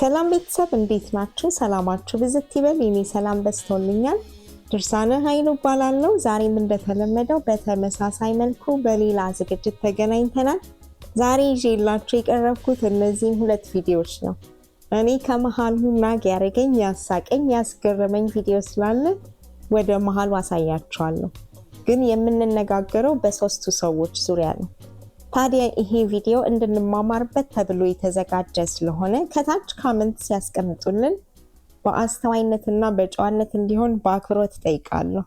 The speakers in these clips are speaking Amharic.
ሰላም ቤተሰብ እንዴት ናችሁ? ሰላማችሁ ብዝት ይበል። የኔ ሰላም በስቶልኛል። ድርሳነ ኃይሉ እባላለሁ። ዛሬም እንደተለመደው በተመሳሳይ መልኩ በሌላ ዝግጅት ተገናኝተናል። ዛሬ ይዤላችሁ የቀረብኩት እነዚህም ሁለት ቪዲዮዎች ነው። እኔ ከመሀል ሁናግ ያደረገኝ ያሳቀኝ፣ ያስገረመኝ ቪዲዮ ስላለ ወደ መሀሉ አሳያችኋለሁ። ግን የምንነጋገረው በሶስቱ ሰዎች ዙሪያ ነው። ታዲያ ይሄ ቪዲዮ እንድንማማርበት ተብሎ የተዘጋጀ ስለሆነ ከታች ካመንት ሲያስቀምጡልን በአስተዋይነትና በጨዋነት እንዲሆን በአክብሮት ጠይቃለሁ።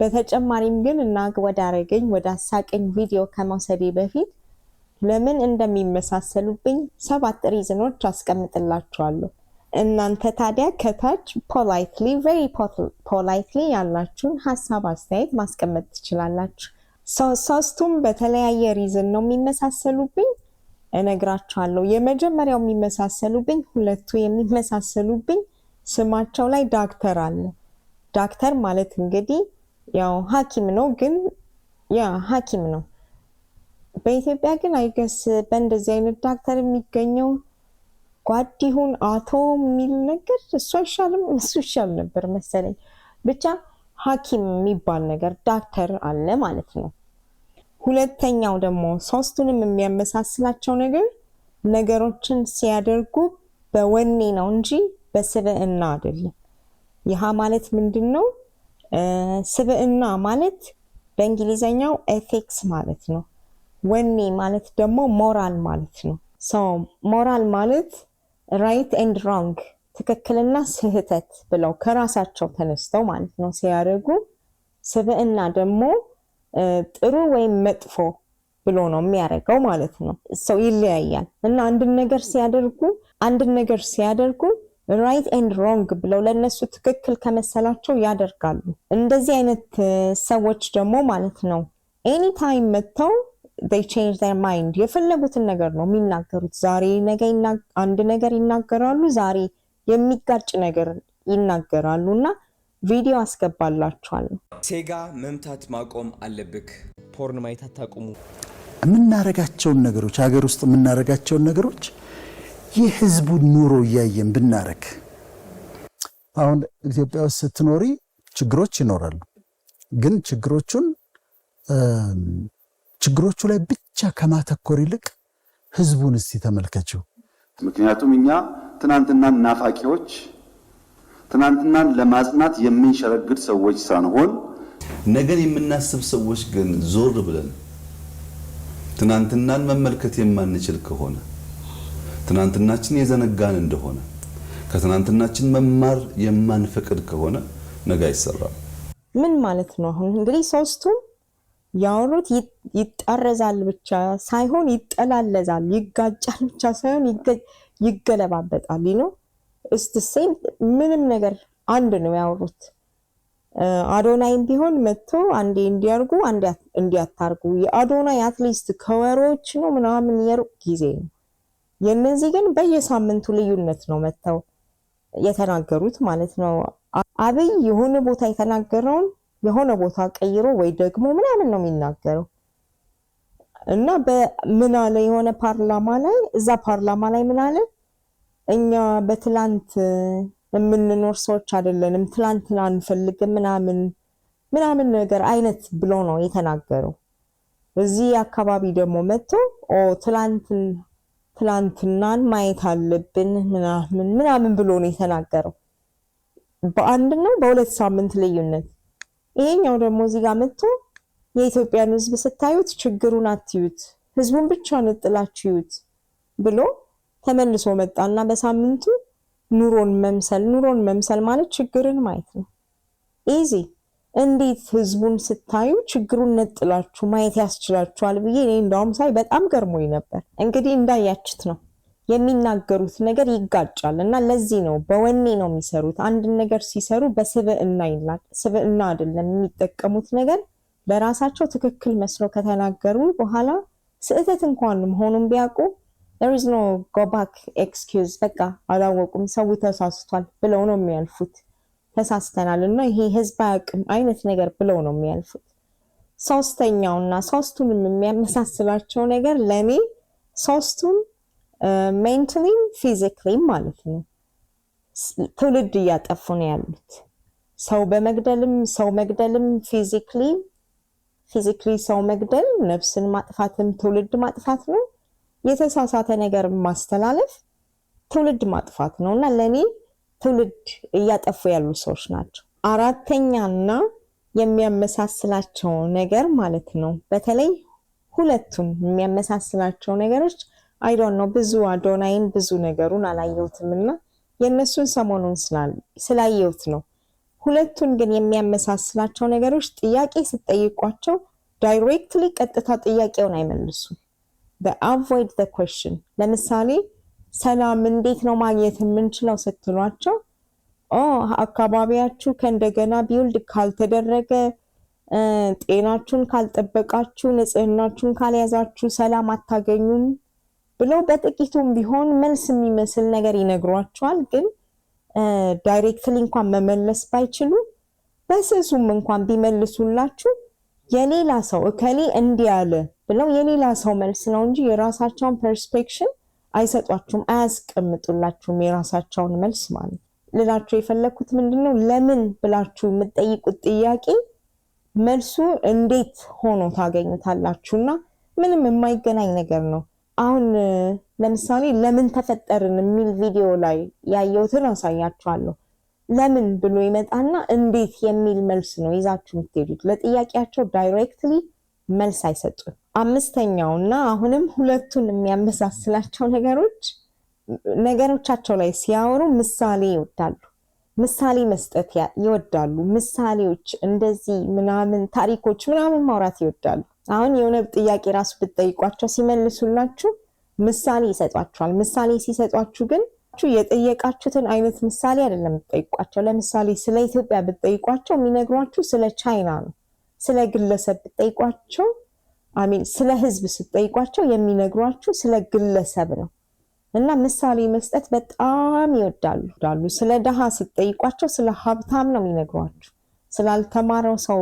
በተጨማሪም ግን እናግ ወዳረገኝ ወደ አሳቀኝ ቪዲዮ ከመውሰዴ በፊት ለምን እንደሚመሳሰሉብኝ ሰባት ሪዝኖች አስቀምጥላችኋለሁ። እናንተ ታዲያ ከታች ፖላይትሊ ቬሪ ፖላይትሊ ያላችሁን ሀሳብ አስተያየት ማስቀመጥ ትችላላችሁ። ሶስቱም በተለያየ ሪዝን ነው የሚመሳሰሉብኝ፣ እነግራቸዋለሁ። የመጀመሪያው የሚመሳሰሉብኝ ሁለቱ የሚመሳሰሉብኝ ስማቸው ላይ ዳክተር አለ። ዳክተር ማለት እንግዲህ ያው ሐኪም ነው ግን ያ ሐኪም ነው። በኢትዮጵያ ግን አይገስ በእንደዚህ አይነት ዳክተር የሚገኘው ጓድ ይሁን አቶ የሚል ነገር እሱ አይሻልም? እሱ ይሻል ነበር መሰለኝ። ብቻ ሐኪም የሚባል ነገር ዳክተር አለ ማለት ነው። ሁለተኛው ደግሞ ሶስቱንም የሚያመሳስላቸው ነገር ነገሮችን ሲያደርጉ በወኔ ነው እንጂ በስብዕና አይደለም። ይህ ማለት ምንድን ነው? ስብዕና ማለት በእንግሊዘኛው ኤቲክስ ማለት ነው። ወኔ ማለት ደግሞ ሞራል ማለት ነው። ሰው ሞራል ማለት ራይት ኤንድ ሮንግ ትክክልና ስህተት ብለው ከራሳቸው ተነስተው ማለት ነው ሲያደርጉ፣ ስብዕና ደግሞ ጥሩ ወይም መጥፎ ብሎ ነው የሚያደርገው ማለት ነው። ሰው ይለያያል እና አንድን ነገር ሲያደርጉ አንድን ነገር ሲያደርጉ ራይት ኤንድ ሮንግ ብለው ለእነሱ ትክክል ከመሰላቸው ያደርጋሉ። እንደዚህ አይነት ሰዎች ደግሞ ማለት ነው ኤኒ ታይም መጥተው ይ ቼንጅ ዘር ማይንድ የፈለጉትን ነገር ነው የሚናገሩት። ዛሬ ነገ አንድ ነገር ይናገራሉ፣ ዛሬ የሚጋጭ ነገር ይናገራሉ እና ቪዲዮ አስገባላችኋል። ሴጋ መምታት ማቆም አለብክ። ፖርን ማየት አታቁሙ። የምናረጋቸውን ነገሮች ሀገር ውስጥ የምናረጋቸውን ነገሮች የህዝቡን ኑሮ እያየን ብናረግ አሁን ኢትዮጵያ ውስጥ ስትኖሪ ችግሮች ይኖራሉ። ግን ችግሮቹን ችግሮቹ ላይ ብቻ ከማተኮር ይልቅ ህዝቡን እስቲ ተመልከችው። ምክንያቱም እኛ ትናንትና ናፋቂዎች ትናንትናን ለማጽናት የምንሸረግድ ሰዎች ሳንሆን ነገን የምናስብ ሰዎች ግን ዞር ብለን ትናንትናን መመልከት የማንችል ከሆነ ትናንትናችን የዘነጋን እንደሆነ ከትናንትናችን መማር የማንፈቅድ ከሆነ ነገ አይሰራም። ምን ማለት ነው? አሁን እንግዲህ ሶስቱም ያወሩት ይጠረዛል ብቻ ሳይሆን ይጠላለዛል፣ ይጋጫል ብቻ ሳይሆን ይገለባበጣል ነው ስትሴም ምንም ነገር አንድ ነው ያወሩት። አዶናይም ቢሆን መጥቶ አንዴ እንዲያርጉ እንዲያታርጉ የአዶናይ አትሊስት ከወሮች ነው ምናምን የሩቅ ጊዜ ነው። የእነዚህ ግን በየሳምንቱ ልዩነት ነው መጥተው የተናገሩት ማለት ነው። አብይ የሆነ ቦታ የተናገረውን የሆነ ቦታ ቀይሮ ወይ ደግሞ ምናምን ነው የሚናገረው እና በምን አለ የሆነ ፓርላማ ላይ እዛ ፓርላማ ላይ ምን አለ እኛ በትላንት የምንኖር ሰዎች አይደለንም። ትላንት ላንፈልግም ምናምን ምናምን ነገር አይነት ብሎ ነው የተናገረው። እዚህ አካባቢ ደግሞ መጥቶ ትላንትን ትላንትናን ማየት አለብን ምናምን ምናምን ብሎ ነው የተናገረው። በአንድ ነው በሁለት ሳምንት ልዩነት። ይሄኛው ደግሞ እዚህ ጋር መጥቶ የኢትዮጵያን ሕዝብ ስታዩት ችግሩን አትዩት፣ ሕዝቡን ብቻ ነጥላችሁት ብሎ ተመልሶ መጣና በሳምንቱ ኑሮን መምሰል። ኑሮን መምሰል ማለት ችግርን ማየት ነው። ኢዚ እንዴት ህዝቡን ስታዩ ችግሩን ነጥላችሁ ማየት ያስችላችኋል ብዬ እኔ እንዳውም ሳይ በጣም ገርሞኝ ነበር። እንግዲህ እንዳያችት ነው የሚናገሩት ነገር ይጋጫል እና ለዚህ ነው በወኔ ነው የሚሰሩት። አንድን ነገር ሲሰሩ በስብዕና ይላል። ስብዕና አይደለም የሚጠቀሙት ነገር በራሳቸው ትክክል መስለው ከተናገሩ በኋላ ስህተት እንኳን መሆኑን ቢያውቁ ዝ ኖ ጎ ባክ ኤክስኪውዝ በቃ አላወቁም፣ ሰው ተሳስቷል ብለው ነው የሚያልፉት። ተሳስተናል እና ይሄ ህዝብ አያውቅም አይነት ነገር ብለው ነው የሚያልፉት። ሶስተኛው እና ሶስቱንም የሚያመሳስላቸው ነገር ለእኔ ሶስቱም ሜንትሊም ፊዚክሊም ማለት ነው ትውልድ እያጠፉ ነው ያሉት። ሰው በመግደልም ሰው መግደልም ፊዚክሊ ፊዚክሊ ሰው መግደል ነፍስን ማጥፋትም ትውልድ ማጥፋት ነው። የተሳሳተ ነገር ማስተላለፍ ትውልድ ማጥፋት ነው እና ለእኔ ትውልድ እያጠፉ ያሉ ሰዎች ናቸው። አራተኛና የሚያመሳስላቸው ነገር ማለት ነው በተለይ ሁለቱን የሚያመሳስላቸው ነገሮች አይዶን ነው። ብዙ አዶናይን ብዙ ነገሩን አላየሁትም እና የእነሱን ሰሞኑን ስላየሁት ነው። ሁለቱን ግን የሚያመሳስላቸው ነገሮች ጥያቄ ስጠይቋቸው ዳይሬክትሊ ቀጥታ ጥያቄውን አይመልሱም። በአቮይድ ዘ ኩዌሽን ለምሳሌ ሰላም እንዴት ነው ማግኘት የምንችለው ስትሏቸው አካባቢያችሁ ከእንደገና ቢውልድ ካልተደረገ ጤናችሁን ካልጠበቃችሁ፣ ንጽህናችሁን ካልያዛችሁ ሰላም አታገኙም ብለው በጥቂቱም ቢሆን መልስ የሚመስል ነገር ይነግሯቸዋል። ግን ዳይሬክትሊ እንኳን መመለስ ባይችሉ በስሱም እንኳን ቢመልሱላችሁ የሌላ ሰው እከሌ እንዲህ አለ ብለው የሌላ ሰው መልስ ነው እንጂ የራሳቸውን ፐርስፔክሽን አይሰጧችሁም፣ አያስቀምጡላችሁም የራሳቸውን መልስ ማለት። ልላችሁ የፈለግኩት ምንድን ነው፣ ለምን ብላችሁ የምትጠይቁት ጥያቄ መልሱ እንዴት ሆኖ ታገኙታላችሁ? እና ምንም የማይገናኝ ነገር ነው። አሁን ለምሳሌ ለምን ተፈጠርን የሚል ቪዲዮ ላይ ያየሁትን አሳያችኋለሁ። ለምን ብሎ ይመጣና እንዴት የሚል መልስ ነው ይዛችሁ የምትሄዱት። ለጥያቄያቸው ዳይሬክትሊ መልስ አይሰጡም። አምስተኛው እና አሁንም ሁለቱን የሚያመሳስላቸው ነገሮች ነገሮቻቸው ላይ ሲያወሩ ምሳሌ ይወዳሉ፣ ምሳሌ መስጠት ይወዳሉ፣ ምሳሌዎች እንደዚህ ምናምን ታሪኮች ምናምን ማውራት ይወዳሉ። አሁን የሆነ ጥያቄ ራሱ ብትጠይቋቸው ሲመልሱላችሁ ምሳሌ ይሰጧችኋል። ምሳሌ ሲሰጧችሁ ግን የጠየቃችሁትን አይነት ምሳሌ አይደለም የምትጠይቋቸው። ለምሳሌ ስለ ኢትዮጵያ ብትጠይቋቸው የሚነግሯችሁ ስለ ቻይና ነው። ስለ ግለሰብ ብትጠይቋቸው አሚን፣ ስለ ህዝብ ስትጠይቋቸው የሚነግሯችሁ ስለ ግለሰብ ነው። እና ምሳሌ መስጠት በጣም ይወዳሉ ዳሉ። ስለ ድሃ ስጠይቋቸው ስለ ሀብታም ነው የሚነግሯችሁ። ስላልተማረው ሰው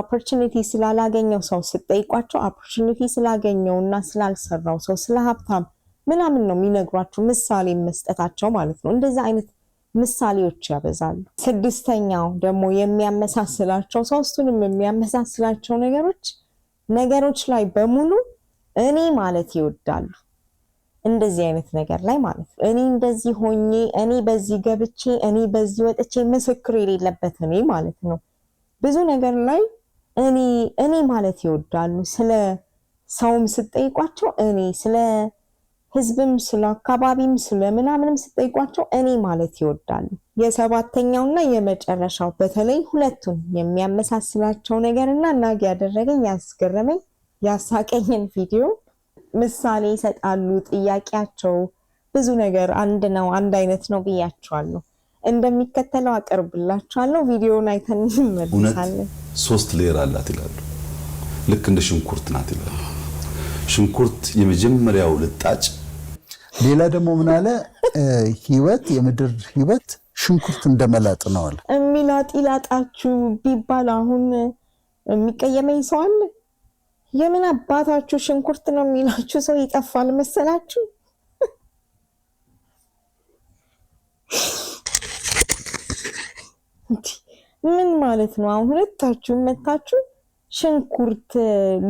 ኦፖርቹኒቲ ስላላገኘው ሰው ስጠይቋቸው ኦፖርቹኒቲ ስላገኘው እና ስላልሰራው ሰው ስለ ሀብታም ምናምን ነው የሚነግሯቸው፣ ምሳሌ መስጠታቸው ማለት ነው። እንደዚህ አይነት ምሳሌዎች ያበዛሉ። ስድስተኛው ደግሞ የሚያመሳስላቸው ሶስቱንም የሚያመሳስላቸው ነገሮች ነገሮች ላይ በሙሉ እኔ ማለት ይወዳሉ። እንደዚህ አይነት ነገር ላይ ማለት ነው። እኔ እንደዚህ ሆኜ፣ እኔ በዚህ ገብቼ፣ እኔ በዚህ ወጥቼ፣ ምስክር የሌለበት እኔ ማለት ነው። ብዙ ነገር ላይ እኔ እኔ ማለት ይወዳሉ። ስለ ሰውም ስጠይቋቸው እኔ ስለ ህዝብም ስለ አካባቢም ስለ ምናምንም ስጠይቋቸው እኔ ማለት ይወዳሉ። የሰባተኛውና የመጨረሻው በተለይ ሁለቱን የሚያመሳስላቸው ነገር እና ናግ ያደረገኝ ያስገረመኝ ያሳቀኝን ቪዲዮ ምሳሌ ይሰጣሉ። ጥያቄያቸው ብዙ ነገር አንድ ነው፣ አንድ አይነት ነው ብያቸዋለሁ። እንደሚከተለው አቀርብላቸዋለሁ። ቪዲዮን አይተን እንመልሳለን። ሶስት ሌየር አላት ይላሉ። ልክ እንደ ሽንኩርት ናት ይላሉ። ሽንኩርት የመጀመሪያው ልጣጭ ሌላ ደግሞ ምን አለ? ህይወት የምድር ህይወት ሽንኩርት እንደመላጥ ነው አለ። የሚላጥ ይላጣችሁ ቢባል አሁን የሚቀየመኝ ሰው አለ? የምን አባታችሁ ሽንኩርት ነው የሚላችሁ ሰው ይጠፋል መሰላችሁ? ምን ማለት ነው? አሁን ሁለታችሁ መታችሁ ሽንኩርት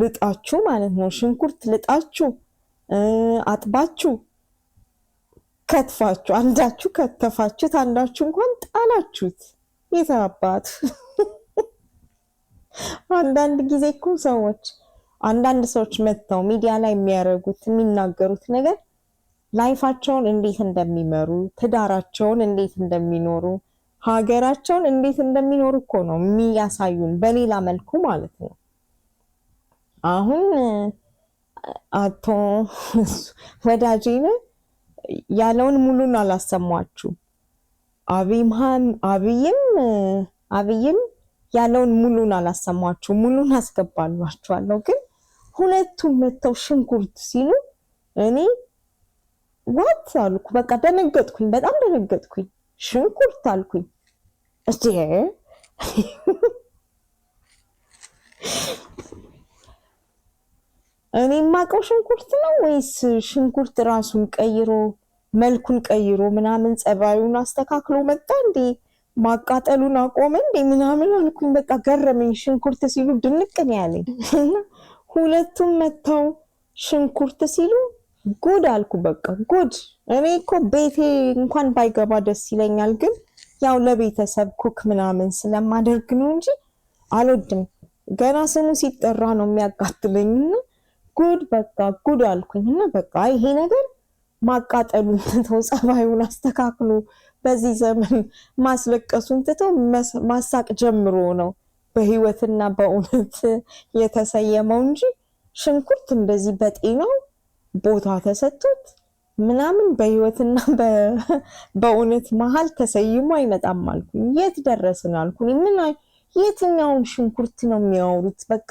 ልጣችሁ ማለት ነው። ሽንኩርት ልጣችሁ አጥባችሁ ከትፋችሁ አንዳችሁ ከተፋችሁት አንዳችሁ እንኳን ጣላችሁት። የተባባት አንዳንድ ጊዜ እኮ ሰዎች አንዳንድ ሰዎች መጥተው ሚዲያ ላይ የሚያደርጉት የሚናገሩት ነገር ላይፋቸውን እንዴት እንደሚመሩ ትዳራቸውን እንዴት እንደሚኖሩ ሀገራቸውን እንዴት እንደሚኖሩ እኮ ነው የሚያሳዩን፣ በሌላ መልኩ ማለት ነው። አሁን አቶ ወዳጄ ያለውን ሙሉን አላሰማችሁ። አብይም አብይም ያለውን ሙሉን አላሰማችሁ። ሙሉን አስገባሏችኋለሁ። ግን ሁለቱም መጥተው ሽንኩርት ሲሉ እኔ ዋት አልኩ። በቃ ደነገጥኩኝ፣ በጣም ደነገጥኩኝ። ሽንኩርት አልኩኝ እ እኔ የማውቀው ሽንኩርት ነው ወይስ ሽንኩርት ራሱን ቀይሮ መልኩን ቀይሮ ምናምን ጸባዩን አስተካክሎ መጣ እንዴ? ማቃጠሉን አቆመ እንዴ? ምናምን አልኩኝ። በቃ ገረመኝ። ሽንኩርት ሲሉ ድንቅ ነው ያለኝ ሁለቱም መጥተው ሽንኩርት ሲሉ ጉድ አልኩ። በቃ ጉድ። እኔ እኮ ቤቴ እንኳን ባይገባ ደስ ይለኛል፣ ግን ያው ለቤተሰብ ኩክ ምናምን ስለማደርግ ነው እንጂ አልወድም። ገና ስሙ ሲጠራ ነው የሚያቃጥለኝ እና ጉድ በቃ ጉድ አልኩኝ እና በቃ ይሄ ነገር ማቃጠሉን ትተው ጸባዩን አስተካክሎ በዚህ ዘመን ማስለቀሱን ትተው ማሳቅ ጀምሮ ነው በህይወትና በእውነት የተሰየመው እንጂ ሽንኩርት እንደዚህ በጤናው ቦታ ተሰጥቶት ምናምን በህይወትና በእውነት መሀል ተሰይሞ አይመጣም አልኩኝ። የት ደረስን አልኩኝ። ምን የትኛውን ሽንኩርት ነው የሚያወሩት? በቃ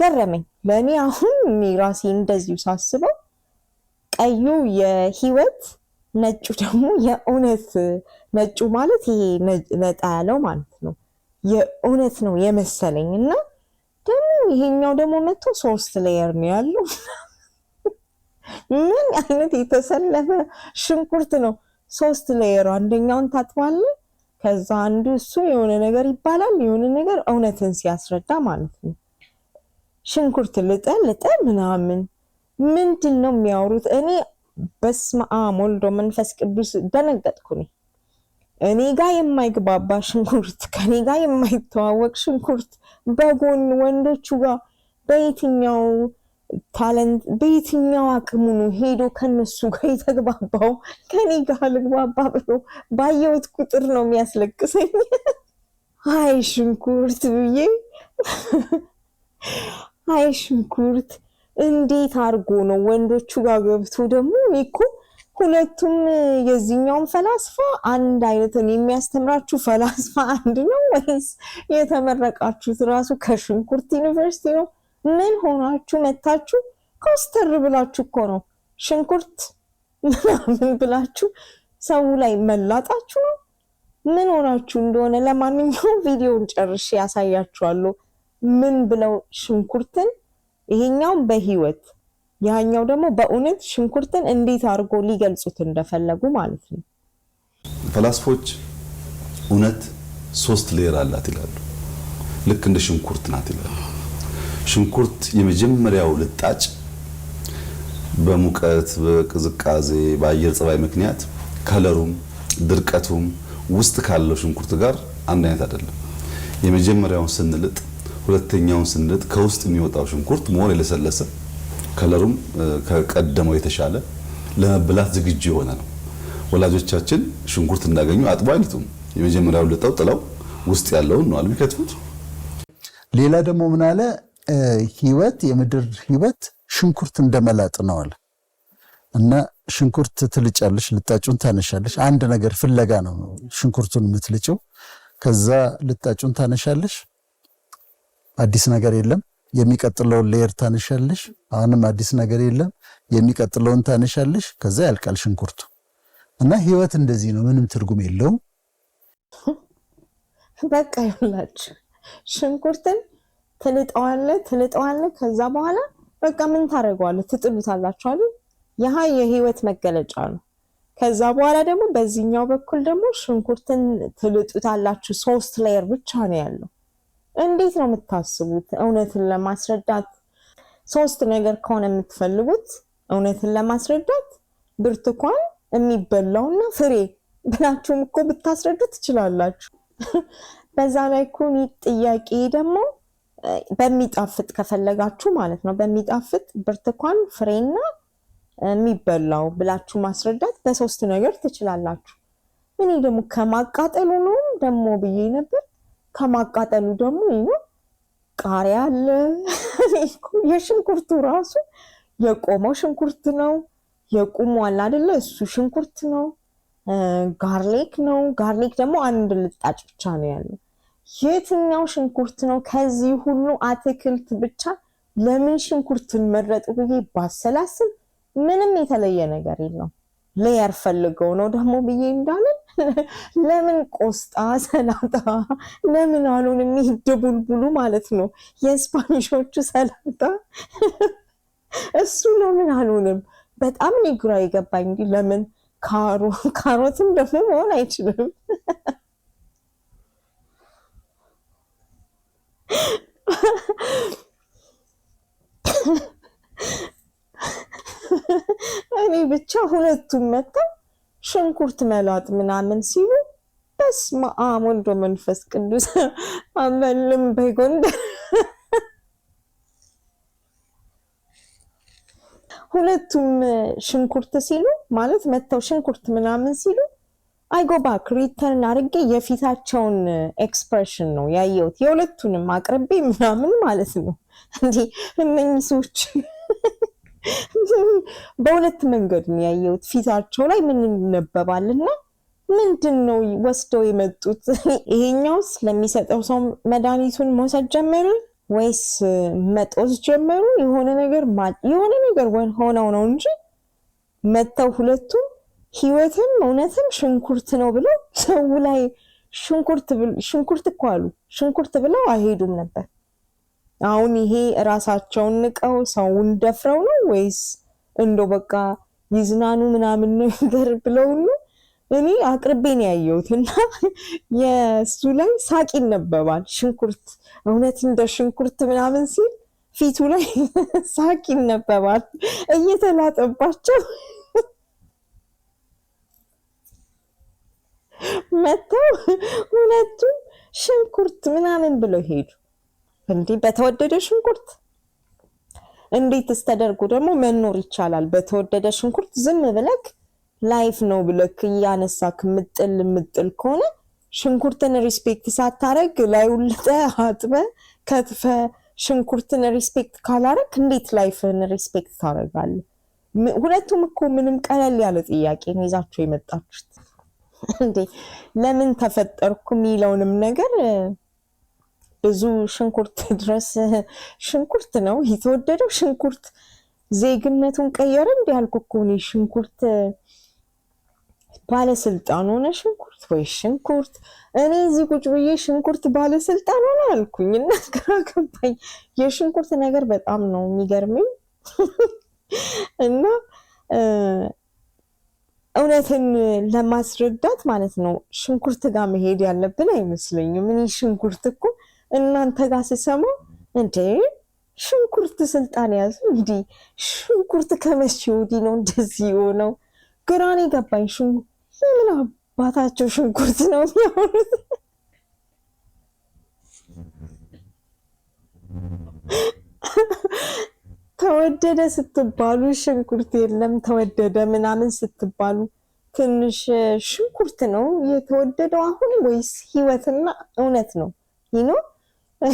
ገረመኝ። ለእኔ አሁን ራሴ እንደዚሁ ሳስበው ቀዩ የህይወት ነጩ ደግሞ የእውነት ነጩ ማለት ይሄ ነጣ ያለው ማለት ነው። የእውነት ነው የመሰለኝ እና ደግሞ ይሄኛው ደግሞ መቶ ሶስት ሌየር ነው ያለው። ምን አይነት የተሰለፈ ሽንኩርት ነው! ሶስት ሌየሩ አንደኛውን ታጥባለ፣ ከዛ አንዱ እሱ የሆነ ነገር ይባላል የሆነ ነገር እውነትን ሲያስረዳ ማለት ነው። ሽንኩርት ልጠልጠ ምናምን ምንድን ነው የሚያወሩት? እኔ በስመ አብ መንፈስ ቅዱስ ደነገጥኩኝ። እኔ ጋር የማይግባባ ሽንኩርት፣ ከኔ ጋር የማይተዋወቅ ሽንኩርት በጎን ወንዶቹ ጋር በየትኛው ታለንት በየትኛው አቅሙ ነው ሄዶ ከነሱ ጋር የተግባባው? ከኔ ጋር ልግባባ ብሎ ባየሁት ቁጥር ነው የሚያስለቅሰኝ። አይ ሽንኩርት ብዬ አይ ሽንኩርት እንዴት አድርጎ ነው ወንዶቹ ጋር ገብቶ ደግሞ እኮ ሁለቱም የዚህኛውን ፈላስፋ አንድ አይነትን የሚያስተምራችሁ ፈላስፋ አንድ ነው ወይስ የተመረቃችሁት ራሱ ከሽንኩርት ዩኒቨርሲቲ ነው? ምን ሆናችሁ መታችሁ ኮስተር ብላችሁ እኮ ነው ሽንኩርት ምናምን ብላችሁ ሰው ላይ መላጣችሁ ነው። ምን ሆናችሁ እንደሆነ ለማንኛውም ቪዲዮን ጨርሼ ያሳያችኋለሁ። ምን ብለው ሽንኩርትን ይሄኛው በህይወት ያኛው ደግሞ በእውነት ሽንኩርትን እንዴት አድርጎ ሊገልጹት እንደፈለጉ ማለት ነው። ፈላስፎች እውነት ሶስት ሌየር አላት ይላሉ። ልክ እንደ ሽንኩርት ናት ይላሉ። ሽንኩርት የመጀመሪያው ልጣጭ በሙቀት በቅዝቃዜ በአየር ጸባይ ምክንያት ከለሩም ድርቀቱም ውስጥ ካለው ሽንኩርት ጋር አንድ አይነት አይደለም። የመጀመሪያውን ስንልጥ ሁለተኛውን ስንልጥ ከውስጥ የሚወጣው ሽንኩርት ሞር የለሰለሰ ከለሩም ከቀደመው የተሻለ ለመብላት ዝግጁ የሆነ ነው። ወላጆቻችን ሽንኩርት እንዳገኙ አጥቦ አይልጡም። የመጀመሪያው ልጠው ጥለው ውስጥ ያለውን ነው አልሚ ሌላ ደግሞ ምን አለ? ህይወት የምድር ህይወት ሽንኩርት እንደመላጥ ነው አለ እና ሽንኩርት ትልጫለሽ፣ ልጣጩን ታነሻለሽ። አንድ ነገር ፍለጋ ነው ሽንኩርቱን የምትልጭው። ከዛ ልጣጩን ታነሻለሽ አዲስ ነገር የለም። የሚቀጥለውን ሌየር ታነሻለሽ። አሁንም አዲስ ነገር የለም። የሚቀጥለውን ታነሻለሽ። ከዛ ያልቃል ሽንኩርቱ እና ህይወት እንደዚህ ነው። ምንም ትርጉም የለውም። በቃ ይላችሁ ሽንኩርትን ትልጠዋለ ትልጠዋለ። ከዛ በኋላ በቃ ምን ታደርገዋለ? ትጥሉታላችኋል። ይህ የህይወት መገለጫ ነው። ከዛ በኋላ ደግሞ በዚህኛው በኩል ደግሞ ሽንኩርትን ትልጡታላችሁ። ሶስት ሌየር ብቻ ነው ያለው። እንዴት ነው የምታስቡት? እውነትን ለማስረዳት ሶስት ነገር ከሆነ የምትፈልጉት እውነትን ለማስረዳት ብርቱካን የሚበላውና ፍሬ ብላችሁም እኮ ብታስረዱ ትችላላችሁ። በዛ ላይ እኮ ጥያቄ ደግሞ በሚጣፍጥ ከፈለጋችሁ ማለት ነው በሚጣፍጥ ብርቱካን ፍሬና የሚበላው ብላችሁ ማስረዳት በሶስት ነገር ትችላላችሁ። እኔ ደግሞ ከማቃጠሉ ነው ደግሞ ብዬ ነበር ከማቃጠሉ ደግሞ ይህ ቃሪያ አለ። የሽንኩርቱ ራሱ የቆመው ሽንኩርት ነው። የቁሙ አለ አደለ? እሱ ሽንኩርት ነው። ጋርሌክ ነው። ጋርሌክ ደግሞ አንድ ልጣጭ ብቻ ነው ያለው። የትኛው ሽንኩርት ነው? ከዚህ ሁሉ አትክልት ብቻ ለምን ሽንኩርትን መረጡ ብዬ ባሰላስል ምንም የተለየ ነገር የለውም። ለያር ፈልገው ነው ደግሞ ብዬ እንዳለን ለምን ቆስጣ ሰላጣ ለምን አሉን የሚደቡልቡሉ ማለት ነው የስፓኒሾቹ ሰላጣ እሱ ለምን አሉንም በጣም ግራ የገባኝ እንጂ ለምን ካሮትም ደግሞ መሆን አይችልም እኔ ብቻ ሁለቱም መጥተው ሽንኩርት መላጥ ምናምን ሲሉ በስመ አብ ወልድ ወመንፈስ ቅዱስ አመልም በጎንደር ሁለቱም ሽንኩርት ሲሉ ማለት መጥተው ሽንኩርት ምናምን ሲሉ አይጎባክ ሪተርን አድርጌ የፊታቸውን ኤክስፕሬሽን ነው ያየሁት። የሁለቱንም አቅርቤ ምናምን ማለት ነው እንዲህ እነኚህ ሰዎች በሁለት መንገድ ነው ያየሁት። ፊታቸው ላይ ምን ይነበባልና ምንድን ነው ወስደው የመጡት? ይሄኛውስ ለሚሰጠው ሰው መድኃኒቱን መውሰድ ጀመረ ወይስ መጦዝ ጀመሩ? የሆነ ነገር የሆነ ነገር ሆነው ነው እንጂ መጥተው ሁለቱም ህይወትም እውነትም ሽንኩርት ነው ብለው ሰው ላይ ሽንኩርት እኮ አሉ። ሽንኩርት ብለው አይሄዱም ነበር። አሁን ይሄ እራሳቸውን ንቀው ሰውን ደፍረው ነው ወይስ እንዶ በቃ ይዝናኑ ምናምን ነገር ብለው እኔ አቅርቤን ያየሁት እና የእሱ ላይ ሳቅ ይነበባል። ሽንኩርት እውነት እንደ ሽንኩርት ምናምን ሲል ፊቱ ላይ ሳቅ ይነበባል እየተላጠባቸው መጥተው ሁለቱም ሽንኩርት ምናምን ብለው ሄዱ። እንዲህ በተወደደ ሽንኩርት እንዴትስ ተደርጎ ደግሞ መኖር ይቻላል? በተወደደ ሽንኩርት ዝም ብለክ ላይፍ ነው ብለክ እያነሳክ ምጥል ምጥል ከሆነ ሽንኩርትን ሪስፔክት ሳታረግ ውልጠ አጥበ ከትፈ ሽንኩርትን ሪስፔክት ካላረግ እንዴት ላይፍን ሪስፔክት ታደረጋለ? ሁለቱም እኮ ምንም ቀለል ያለ ጥያቄ ነው ይዛችሁ የመጣችሁት። እንዴ ለምን ተፈጠርኩ የሚለውንም ነገር ብዙ ሽንኩርት ድረስ ሽንኩርት ነው የተወደደው። ሽንኩርት ዜግነቱን ቀየረ እንዲህ ያልኩ እኮ እኔ ሽንኩርት ባለስልጣን ሆነ ሽንኩርት ወይ ሽንኩርት እኔ እዚህ ቁጭ ብዬ ሽንኩርት ባለስልጣን ሆነ አልኩኝ እና ግራ ገባኝ። የሽንኩርት ነገር በጣም ነው የሚገርመኝ እና እውነትን ለማስረዳት ማለት ነው ሽንኩርት ጋር መሄድ ያለብን አይመስለኝም። እኔ ሽንኩርት እኮ እናንተ ጋር ስሰማ እንዴ ሽንኩርት ስልጣን ያዙ። እንግዲህ ሽንኩርት ከመቼ ወዲህ ነው እንደዚህ የሆነው? ግራኔ ገባኝ። ምን አባታቸው ሽንኩርት ነው የሚያወሩት? ተወደደ ስትባሉ ሽንኩርት የለም፣ ተወደደ ምናምን ስትባሉ ትንሽ ሽንኩርት ነው የተወደደው አሁን ወይስ ህይወትና እውነት ነው ይኖ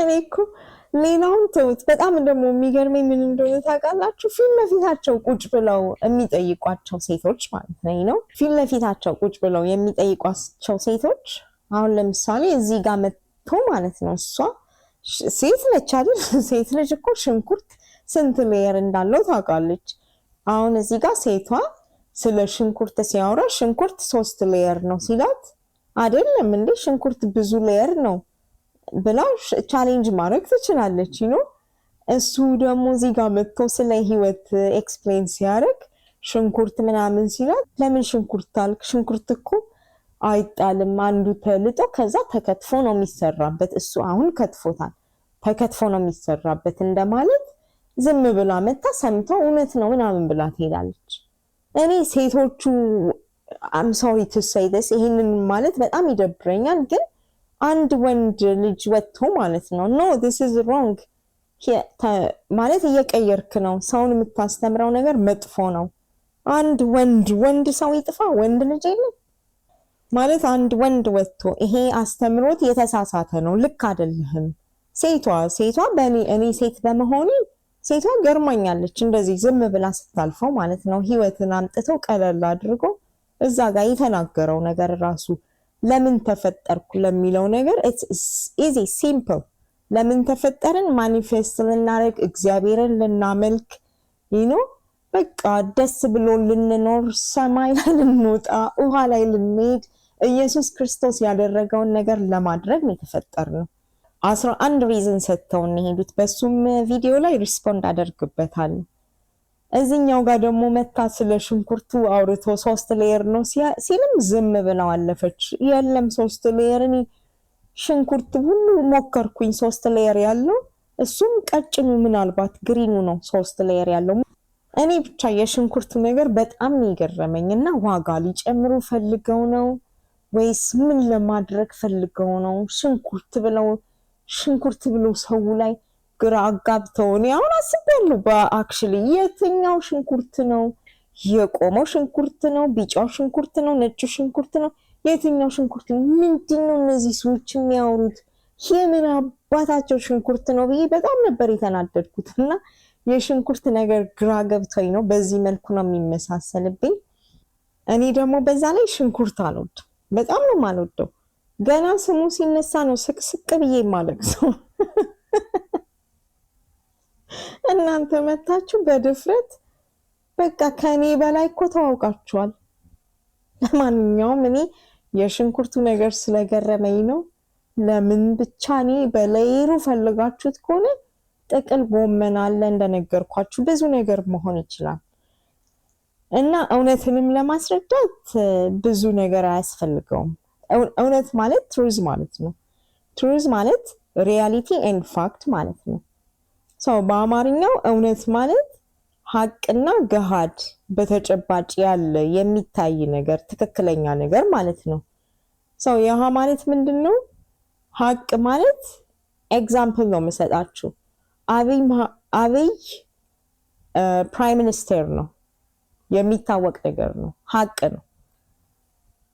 እኔ እኮ ሌላውን ተውት። በጣም ደግሞ የሚገርመኝ ምን እንደሆነ ታውቃላችሁ? ፊት ለፊታቸው ቁጭ ብለው የሚጠይቋቸው ሴቶች ማለት ነው። ፊት ለፊታቸው ቁጭ ብለው የሚጠይቋቸው ሴቶች አሁን ለምሳሌ እዚህ ጋር መጥቶ ማለት ነው። እሷ ሴት ነች አይደል? ሴት ልጅ እኮ ሽንኩርት ስንት ሌየር እንዳለው ታውቃለች። አሁን እዚህ ጋር ሴቷ ስለ ሽንኩርት ሲያወራ ሽንኩርት ሶስት ሌየር ነው ሲላት፣ አይደለም እንዴ ሽንኩርት ብዙ ሌየር ነው ብላ ቻሌንጅ ማድረግ ትችላለች። ይኖ እሱ ደግሞ እዚህ ጋር መጥቶ ስለ ህይወት ኤክስፕሌን ሲያደርግ ሽንኩርት ምናምን ሲላት፣ ለምን ሽንኩርት ታልክ? ሽንኩርት እኮ አይጣልም አንዱ ተልጦ ከዛ ተከትፎ ነው የሚሰራበት። እሱ አሁን ከትፎታል፣ ተከትፎ ነው የሚሰራበት እንደማለት ዝም ብላ መታ ሰምቶ እውነት ነው ምናምን ብላ ትሄዳለች። እኔ ሴቶቹ አም ሶሪ ቱ ሴይ ይሄንን ማለት በጣም ይደብረኛል፣ ግን አንድ ወንድ ልጅ ወጥቶ ማለት ነው ኖ ዲስ ኢዝ ሮንግ ማለት እየቀየርክ ነው። ሰውን የምታስተምረው ነገር መጥፎ ነው። አንድ ወንድ ወንድ ሰው ይጥፋ ወንድ ልጅ የለም ማለት አንድ ወንድ ወጥቶ ይሄ አስተምሮት የተሳሳተ ነው፣ ልክ አይደለህም። ሴቷ ሴቷ እኔ ሴት በመሆኔ ሴቷ ገርማኛለች። እንደዚህ ዝም ብላ ስታልፈው ማለት ነው። ህይወትን አምጥተው ቀለል አድርጎ እዛ ጋር የተናገረው ነገር ራሱ ለምን ተፈጠርኩ ለሚለው ነገር ኢዚ ሲምፕል። ለምን ተፈጠርን? ማኒፌስት ልናደርግ እግዚአብሔርን ልናመልክ ይኖ በቃ ደስ ብሎ ልንኖር፣ ሰማይ ላይ ልንወጣ፣ ውሃ ላይ ልንሄድ፣ ኢየሱስ ክርስቶስ ያደረገውን ነገር ለማድረግ ነው አስራ አንድ ሪዝን ሰጥተው እንሄዱት በሱም ቪዲዮ ላይ ሪስፖንድ አደርግበታል። እዚኛው ጋር ደግሞ መታ ስለ ሽንኩርቱ አውርቶ ሶስት ሌየር ነው ሲልም ዝም ብለው አለፈች። የለም ሶስት ሌየር እኔ ሽንኩርት ሁሉ ሞከርኩኝ። ሶስት ሌየር ያለው እሱም ቀጭኑ ምናልባት ግሪኑ ነው ሶስት ሌየር ያለው። እኔ ብቻ የሽንኩርቱ ነገር በጣም ነው የገረመኝ እና ዋጋ ሊጨምሩ ፈልገው ነው ወይስ ምን ለማድረግ ፈልገው ነው ሽንኩርት ብለው ሽንኩርት ብሎ ሰው ላይ ግራ አጋብተው እኔ አሁን አስቤያለሁ። በአክሽሊ የትኛው ሽንኩርት ነው የቆመው? ሽንኩርት ነው ቢጫው ሽንኩርት ነው ነጩ ሽንኩርት ነው የትኛው ሽንኩርት ነው? ምንድን ነው እነዚህ ሰዎች የሚያወሩት? የምን አባታቸው ሽንኩርት ነው ብዬ በጣም ነበር የተናደድኩት። እና የሽንኩርት ነገር ግራ ገብቶኝ ነው። በዚህ መልኩ ነው የሚመሳሰልብኝ። እኔ ደግሞ በዛ ላይ ሽንኩርት አልወድ፣ በጣም ነው የማልወደው ገና ስሙ ሲነሳ ነው ስቅስቅ ብዬ የማለቅሰው። እናንተ መታችሁ በድፍረት በቃ ከእኔ በላይ እኮ ተዋውቃችኋል። ለማንኛውም እኔ የሽንኩርቱ ነገር ስለገረመኝ ነው። ለምን ብቻ እኔ በለይሩ ፈልጋችሁት ከሆነ ጥቅል ጎመን አለ እንደነገርኳችሁ ብዙ ነገር መሆን ይችላል። እና እውነትንም ለማስረዳት ብዙ ነገር አያስፈልገውም። እውነት ማለት ትሩዝ ማለት ነው። ትሩዝ ማለት ሪያሊቲ ኤንድ ፋክት ማለት ነው። ሰው በአማርኛው እውነት ማለት ሀቅና ገሃድ በተጨባጭ ያለ የሚታይ ነገር ትክክለኛ ነገር ማለት ነው። ሰው ይህ ማለት ምንድን ነው? ሀቅ ማለት ኤግዛምፕል ነው የምሰጣችሁ። አብይ ፕራይም ሚኒስቴር ነው፣ የሚታወቅ ነገር ነው፣ ሀቅ ነው።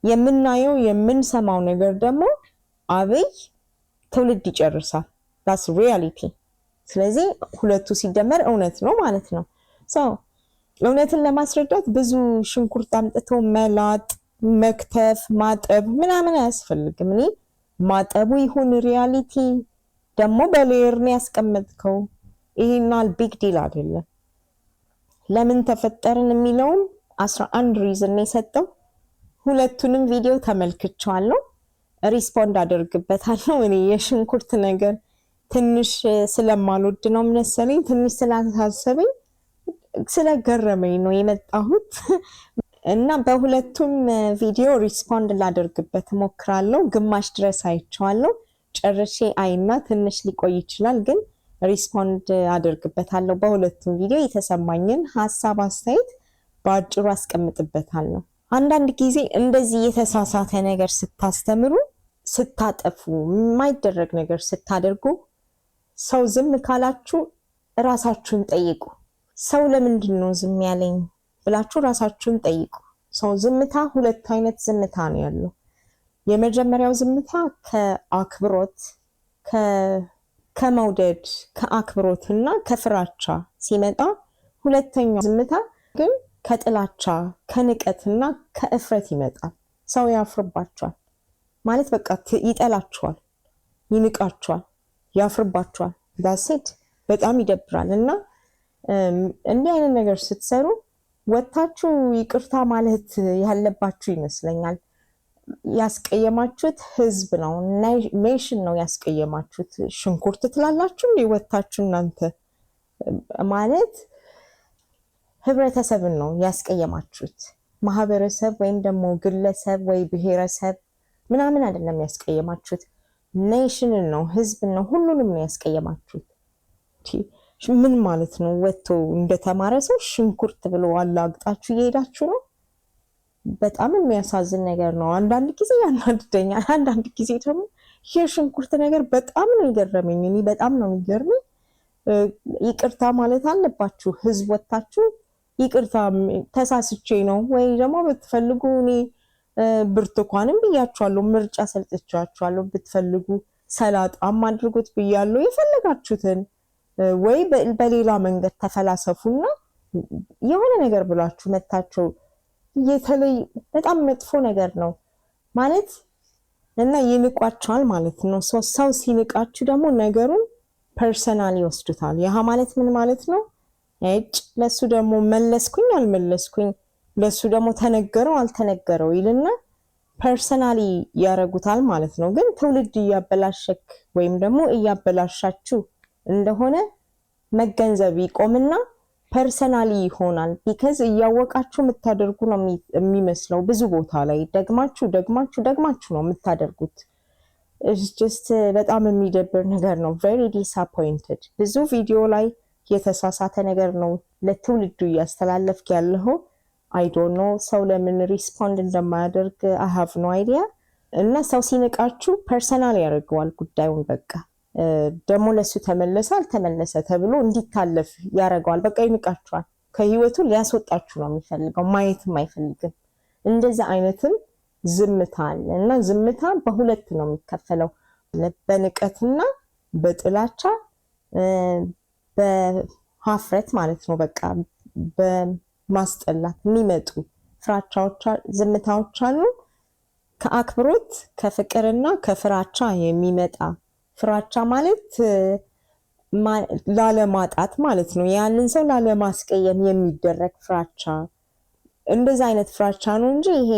የምናየው የምንሰማው ነገር ደግሞ አብይ ትውልድ ይጨርሳል። ዳስ ሪያሊቲ። ስለዚህ ሁለቱ ሲደመር እውነት ነው ማለት ነው። እውነትን ለማስረዳት ብዙ ሽንኩርት አምጥቶ መላጥ፣ መክተፍ፣ ማጠብ ምናምን አያስፈልግም። እኔ ማጠቡ ይሁን ሪያሊቲ ደግሞ በሌየር ነው ያስቀመጥከው። ይሄናል ቢግ ዲል አይደለም። ለምን ተፈጠርን የሚለውን አስራ አንድ ሪዝን ነው የሰጠው። ሁለቱንም ቪዲዮ ተመልክቸዋለሁ። ሪስፖንድ አደርግበታለሁ። እኔ የሽንኩርት ነገር ትንሽ ስለማልወድ ነው መሰለኝ፣ ትንሽ ስላሳሰበኝ ስለገረመኝ ነው የመጣሁት እና በሁለቱም ቪዲዮ ሪስፖንድ ላደርግበት ሞክራለሁ። ግማሽ ድረስ አይቼዋለሁ። ጨርሼ አይና ትንሽ ሊቆይ ይችላል፣ ግን ሪስፖንድ አደርግበታለሁ። በሁለቱም ቪዲዮ የተሰማኝን ሀሳብ አስተያየት በአጭሩ አስቀምጥበታለሁ። አንዳንድ ጊዜ እንደዚህ የተሳሳተ ነገር ስታስተምሩ፣ ስታጠፉ፣ የማይደረግ ነገር ስታደርጉ ሰው ዝም ካላችሁ ራሳችሁን ጠይቁ። ሰው ለምንድን ነው ዝም ያለኝ ብላችሁ ራሳችሁን ጠይቁ። ሰው ዝምታ ሁለት አይነት ዝምታ ነው ያለው። የመጀመሪያው ዝምታ ከአክብሮት ከመውደድ ከአክብሮት እና ከፍራቻ ሲመጣ፣ ሁለተኛው ዝምታ ግን ከጥላቻ ከንቀትና ከእፍረት ይመጣል። ሰው ያፍርባቸዋል ማለት በቃ ይጠላቸዋል፣ ይንቃቸዋል፣ ያፍርባቸዋል። ዳሴት በጣም ይደብራል። እና እንዲህ አይነት ነገር ስትሰሩ ወታችሁ ይቅርታ ማለት ያለባችሁ ይመስለኛል። ያስቀየማችሁት ህዝብ ነው፣ ኔሽን ነው ያስቀየማችሁት። ሽንኩርት ትላላችሁ ወታችሁ እናንተ ማለት ህብረተሰብን ነው ያስቀየማችሁት። ማህበረሰብ ወይም ደግሞ ግለሰብ ወይ ብሔረሰብ ምናምን አይደለም ያስቀየማችሁት፣ ኔሽንን ነው ህዝብን ነው ሁሉንም ነው ያስቀየማችሁት። ምን ማለት ነው? ወጥቶ እንደተማረ ሰው ሽንኩርት ብሎ አላግጣችሁ እየሄዳችሁ ነው። በጣም የሚያሳዝን ነገር ነው። አንዳንድ ጊዜ ያናድደኛል፣ አንዳንድ ጊዜ ደግሞ የሽንኩርት ነገር በጣም ነው የገረመኝ። እኔ በጣም ነው የሚገርመኝ። ይቅርታ ማለት አለባችሁ ህዝብ ወጥታችሁ ይቅርታ ተሳስቼ ነው ወይ ደግሞ ብትፈልጉ እኔ ብርቱካንም ብያችኋለሁ፣ ምርጫ ሰልጥቻችኋለሁ፣ ብትፈልጉ ሰላጣም አድርጉት ብያለሁ። የፈለጋችሁትን ወይ በሌላ መንገድ ተፈላሰፉና የሆነ ነገር ብላችሁ መታቸው የተለይ በጣም መጥፎ ነገር ነው ማለት እና ይንቋቸዋል ማለት ነው። ሰው ሲንቃችሁ ደግሞ ነገሩን ፐርሰናል ይወስዱታል። ያህ ማለት ምን ማለት ነው? ነጭ ለሱ ደግሞ መለስኩኝ አልመለስኩኝ ለሱ ደግሞ ተነገረው አልተነገረው ይልና ፐርሰናሊ ያደረጉታል ማለት ነው። ግን ትውልድ እያበላሸክ ወይም ደግሞ እያበላሻችሁ እንደሆነ መገንዘብ ይቆምና ፐርሰናሊ ይሆናል። ቢከዝ እያወቃችሁ የምታደርጉ ነው የሚመስለው። ብዙ ቦታ ላይ ደግማችሁ ደግማችሁ ደግማችሁ ነው የምታደርጉት። ጀስት በጣም የሚደብር ነገር ነው። ቨሪ ዲስአፖይንትድ ብዙ ቪዲዮ ላይ የተሳሳተ ነገር ነው ለትውልዱ እያስተላለፍክ ያለሁ አይዶ ኖ ሰው ለምን ሪስፖንድ እንደማያደርግ አሀብ ነው አይዲያ እና ሰው ሲንቃችሁ ፐርሰናል ያደርገዋል ጉዳዩን በቃ ደግሞ ለሱ ተመለሰ አልተመለሰ ተብሎ እንዲታለፍ ያደርገዋል። በቃ ይንቃችኋል። ከህይወቱ ሊያስወጣችሁ ነው የሚፈልገው። ማየትም አይፈልግም። እንደዚ አይነትም ዝምታ አለ እና ዝምታ በሁለት ነው የሚከፈለው፣ በንቀትና በጥላቻ በሀፍረት ማለት ነው በቃ በማስጠላት የሚመጡ ፍራቻዎች፣ ዝምታዎች አሉ። ከአክብሮት ከፍቅርና ከፍራቻ የሚመጣ ፍራቻ ማለት ላለማጣት ማለት ነው። ያንን ሰው ላለማስቀየም የሚደረግ ፍራቻ እንደዛ አይነት ፍራቻ ነው እንጂ ይሄ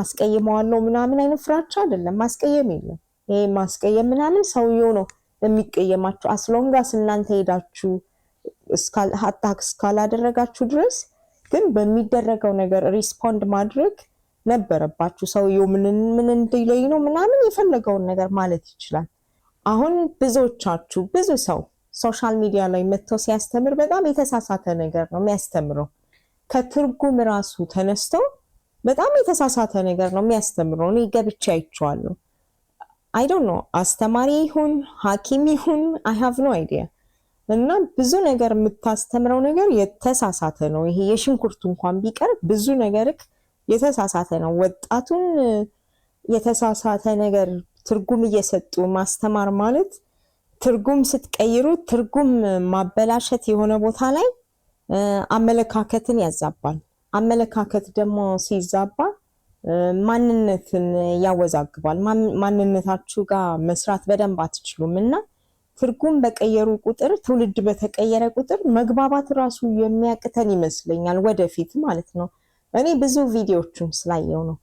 አስቀይመዋለሁ ምናምን አይነት ፍራቻ አይደለም። ማስቀየም የለም። ይሄ ማስቀየም ምናምን ሰውየው ነው የሚቀየማችሁ አስሎንጋስ እናንተ ሄዳችሁ ታክስ እስካላደረጋችሁ ድረስ ግን በሚደረገው ነገር ሪስፖንድ ማድረግ ነበረባችሁ። ሰውየው ምን እንዲለይ ነው ምናምን የፈለገውን ነገር ማለት ይችላል። አሁን ብዙዎቻችሁ ብዙ ሰው ሶሻል ሚዲያ ላይ መጥቶ ሲያስተምር በጣም የተሳሳተ ነገር ነው የሚያስተምረው። ከትርጉም ራሱ ተነስተው በጣም የተሳሳተ ነገር ነው የሚያስተምረው። እኔ ገብቼ አይቼዋለሁ። አይ ዶንት ኖ አስተማሪ ይሁን ሐኪም ይሁን አይ ሃቭ ኖ አይዲያ። እና ብዙ ነገር የምታስተምረው ነገር የተሳሳተ ነው። ይሄ የሽንኩርቱ እንኳን ቢቀር ብዙ ነገርክ የተሳሳተ ነው። ወጣቱን የተሳሳተ ነገር ትርጉም እየሰጡ ማስተማር ማለት ትርጉም ስትቀይሩ ትርጉም ማበላሸት የሆነ ቦታ ላይ አመለካከትን ያዛባል። አመለካከት ደግሞ ሲዛባ ማንነትን ያወዛግባል። ማንነታችሁ ጋር መስራት በደንብ አትችሉም እና ትርጉም በቀየሩ ቁጥር ትውልድ በተቀየረ ቁጥር መግባባት ራሱ የሚያቅተን ይመስለኛል፣ ወደፊት ማለት ነው። እኔ ብዙ ቪዲዮዎችን ስላየው ነው።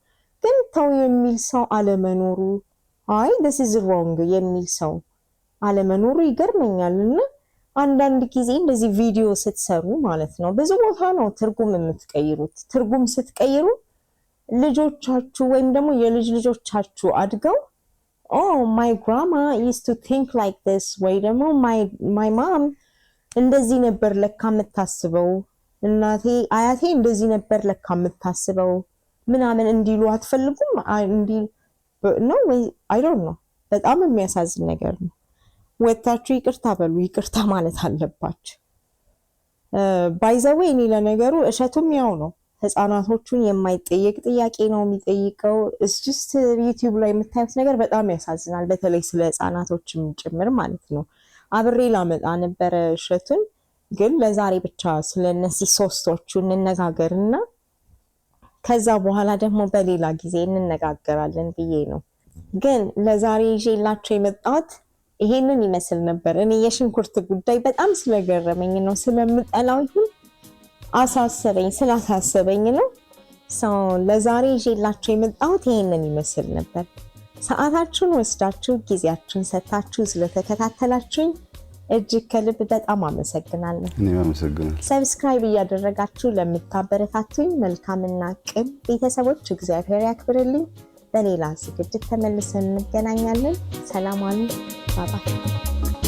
ግን ተው የሚል ሰው አለመኖሩ፣ አይ ደስ ኢዝ ሮንግ የሚል ሰው አለመኖሩ ይገርመኛል። እና አንዳንድ ጊዜ እንደዚህ ቪዲዮ ስትሰሩ ማለት ነው ብዙ ቦታ ነው ትርጉም የምትቀይሩት። ትርጉም ስትቀይሩ ልጆቻችሁ ወይም ደግሞ የልጅ ልጆቻችሁ አድገው ኦ ማይ ግራማ ዩዝ ቱ ቲንክ ላይክ ዲስ ወይ ደግሞ ማይ ማም እንደዚህ ነበር ለካ የምታስበው፣ እናቴ አያቴ እንደዚህ ነበር ለካ የምታስበው ምናምን እንዲሉ አትፈልጉም? እንዲ ነው ወይ ነው። በጣም የሚያሳዝን ነገር ነው። ወታችሁ ይቅርታ በሉ። ይቅርታ ማለት አለባችሁ። ባይዘዌ እኔ ለነገሩ እሸቱም ያው ነው ህጻናቶቹን የማይጠየቅ ጥያቄ ነው የሚጠይቀው። እስጅስት ዩቲዩብ uh, ላይ የምታዩት ነገር በጣም ያሳዝናል። በተለይ ስለ ህጻናቶችም ጭምር ማለት ነው። አብሬ ላመጣ ነበረ እሸቱን፣ ግን ለዛሬ ብቻ ስለ እነዚህ ሶስቶቹ እንነጋገር እና ከዛ በኋላ ደግሞ በሌላ ጊዜ እንነጋገራለን ብዬ ነው። ግን ለዛሬ ይዤላቸው የመጣሁት ይሄንን ይመስል ነበር። እኔ የሽንኩርት ጉዳይ በጣም ስለገረመኝ ነው ስለምጠላው ይሁን አሳሰበኝ ስላሳሰበኝ ነው። ሰው ለዛሬ ይዤላችሁ የመጣሁት ይሄንን ይመስል ነበር። ሰዓታችሁን ወስዳችሁ ጊዜያችሁን ሰጥታችሁ ስለተከታተላችሁኝ እጅግ ከልብ በጣም አመሰግናለሁ። እኔ አመሰግናለሁ። ሰብስክራይብ እያደረጋችሁ ለምታበረታቱኝ መልካምና ቅን ቤተሰቦች እግዚአብሔር ያክብርልኝ። በሌላ ዝግጅት ተመልሰን እንገናኛለን። ሰላም አሉ። ባባ